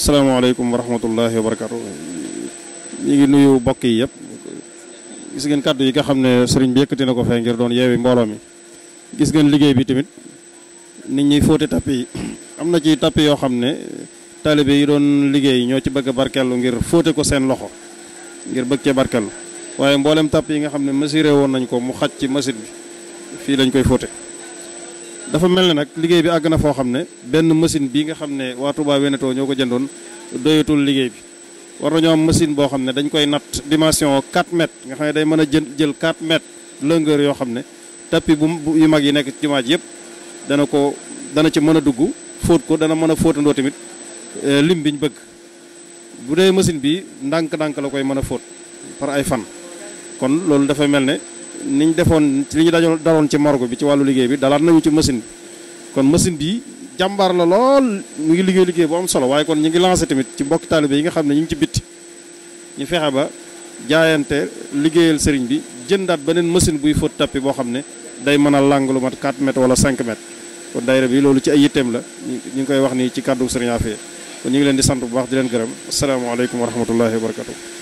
salaamaaleykum wa rahmatullahi wa barakaatu. ñu ngi nuyu mbokk yi yëpp gis ngeen kàddu yi nga xam ne sëriñ bi yëkkati na ko fee ngir doon yeewi mbooloo mi gis ngeen liggéey bi tamit nit ñiy fóote tapp yi am na ci tapp yoo xam ne taalibe yi doon liggéey ñoo ci bëgg barkellu ngir fóote ko seen loxo ngir bëgg cee barkellu waaye mboolem tapp yi nga xam ne mesuré woon nañ ko mu xaj ci machine bi fii lañ koy fóote dafa mel ne nag liggéey bi àgg na foo xam ne benn machine bii nga xam ne waa Touba Veneto ñoo ko jëndoon doyatul liggéey bi war nañoo am machine boo xam ne dañ koy natt dimension 4 mètres nga xam ne day mën a jël jël 4 mètres yoo xam ne tapis bu yu mag yi nekk ci jumaa yëpp dana ko dana ci mën a dugg fóot ko dana mën a fóotandoo tamit euh, lim biñ bëgg bu dee machine bi ndànk-ndànk la koy mën a fóot par ay fan kon loolu dafa mel ne ni ñu defoon li ñu dajoon daloon ci margo bi ci wàllu liggéey bi dalaat nañu ci machine kon machine bi jàmbaar la lool mu ngi liggéey liggéey boo am solo waaye kon ñu ngi lancé tamit ci mbokki taalibe yi nga xam ne ñu ngi ci bitti ñu fexe ba jaayante liggéeyal sëriñ bi jëndaat beneen machine buy fóot tappi boo xam ne day mën a làng lu mat 4 mètres wala 5 mètres kon daayira bi loolu ci ay yitteem la ñu ngi koy wax nii ci kàddu sëriñ Afia kon ñu ngi leen di sant bu baax di leen gërëm asalaamaaleykum wa rahmatullahi wa barakatu